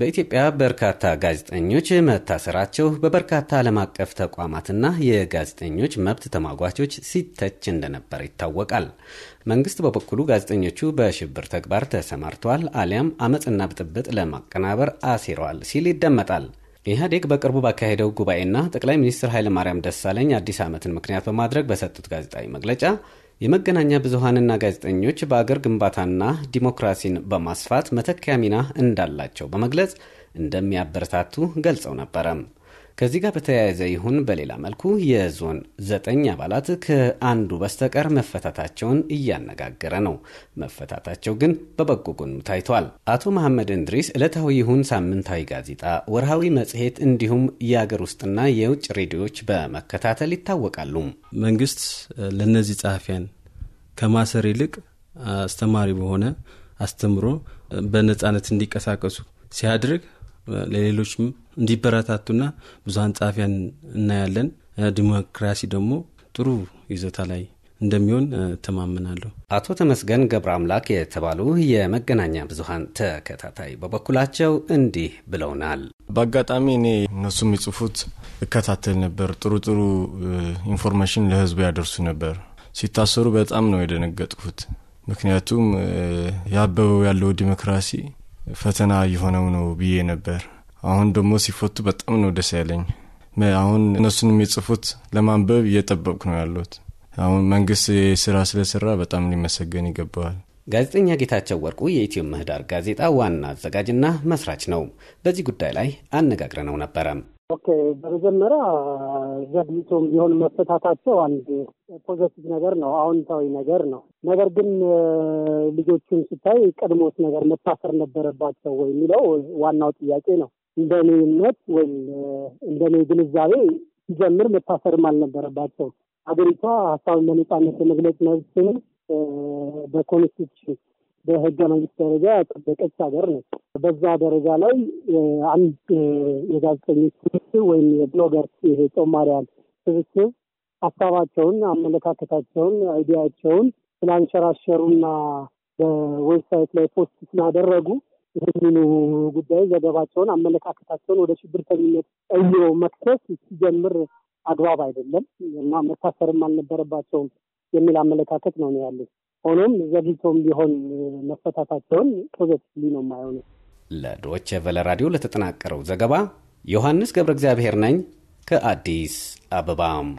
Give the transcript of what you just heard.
በኢትዮጵያ በርካታ ጋዜጠኞች መታሰራቸው በበርካታ ዓለም አቀፍ ተቋማትና የጋዜጠኞች መብት ተሟጓቾች ሲተች እንደነበር ይታወቃል። መንግስት በበኩሉ ጋዜጠኞቹ በሽብር ተግባር ተሰማርተዋል አሊያም አመፅና ብጥብጥ ለማቀናበር አሴረዋል ሲል ይደመጣል። ኢህአዴግ በቅርቡ ባካሄደው ጉባኤና ጠቅላይ ሚኒስትር ኃይለማርያም ደሳለኝ አዲስ ዓመትን ምክንያት በማድረግ በሰጡት ጋዜጣዊ መግለጫ የመገናኛ ብዙሀንና ጋዜጠኞች በአገር ግንባታና ዲሞክራሲን በማስፋት መተኪያ ሚና እንዳላቸው በመግለጽ እንደሚያበረታቱ ገልጸው ነበረም። ከዚህ ጋር በተያያዘ ይሁን በሌላ መልኩ የዞን ዘጠኝ አባላት ከአንዱ በስተቀር መፈታታቸውን እያነጋገረ ነው። መፈታታቸው ግን በበጎ ጎኑ ታይቷል። አቶ መሐመድ እንድሪስ ዕለታዊ ይሁን ሳምንታዊ ጋዜጣ፣ ወርሃዊ መጽሔት እንዲሁም የአገር ውስጥና የውጭ ሬዲዮዎች በመከታተል ይታወቃሉ። መንግስት ለእነዚህ ጸሐፊያን ከማሰር ይልቅ አስተማሪ በሆነ አስተምሮ በነጻነት እንዲቀሳቀሱ ሲያድርግ ለሌሎችም እንዲበረታቱና ብዙሀን ጸሐፊያን እናያለን። ዲሞክራሲ ደግሞ ጥሩ ይዞታ ላይ እንደሚሆን ተማምናለሁ። አቶ ተመስገን ገብረ አምላክ የተባሉ የመገናኛ ብዙሀን ተከታታይ በበኩላቸው እንዲህ ብለውናል። በአጋጣሚ እኔ እነሱ የሚጽፉት እከታተል ነበር። ጥሩ ጥሩ ኢንፎርሜሽን ለህዝቡ ያደርሱ ነበር። ሲታሰሩ በጣም ነው የደነገጥኩት። ምክንያቱም ያበበው ያለው ዲሞክራሲ ፈተና የሆነው ነው ብዬ ነበር። አሁን ደግሞ ሲፈቱ በጣም ነው ደስ ያለኝ። አሁን እነሱን የሚጽፉት ለማንበብ እየጠበቅኩ ነው ያሉት። አሁን መንግስት ስራ ስለሰራ በጣም ሊመሰገን ይገባዋል። ጋዜጠኛ ጌታቸው ወርቁ የኢትዮ ምህዳር ጋዜጣ ዋና አዘጋጅና መስራች ነው። በዚህ ጉዳይ ላይ አነጋግረነው ነበረም። ኦኬ በመጀመሪያ ዘግይቶም ቢሆን መፈታታቸው አንድ ፖዘቲቭ ነገር ነው፣ አዎንታዊ ነገር ነው። ነገር ግን ልጆቹን ስታይ ቀድሞት ነገር መታሰር ነበረባቸው ወይ የሚለው ዋናው ጥያቄ ነው። እንደ እምነት ወይም እንደኔ ግንዛቤ ሲጀምር መታሰርም አልነበረባቸው። ሀገሪቷ ሀሳብን በነጻነት የመግለጽ መብትን በኮንስቲቱሽን በህገ መንግስት ደረጃ ያጸደቀች ሀገር ነች። በዛ ደረጃ ላይ አንድ የጋዜጠኞች ስብስብ ወይም የብሎገር ይሄ ጦማሪያን ስብስብ ሀሳባቸውን፣ አመለካከታቸውን፣ አይዲያቸውን ስላንሸራሸሩና በዌብሳይት ላይ ፖስት ስላደረጉ ይህንኑ ጉዳይ ዘገባቸውን፣ አመለካከታቸውን ወደ ሽብርተኝነት ቀይሮ መክሰስ ሲጀምር አግባብ አይደለም እና መታሰርም አልነበረባቸውም የሚል አመለካከት ነው ያለኝ። ሆኖም ዘግይቶም ቢሆን መፈታታቸውን ፖዘቲቭሊ ነው ነው ለዶች ቨለ ራዲዮ ለተጠናቀረው ዘገባ ዮሐንስ ገብረ እግዚአብሔር ነኝ ከአዲስ አበባም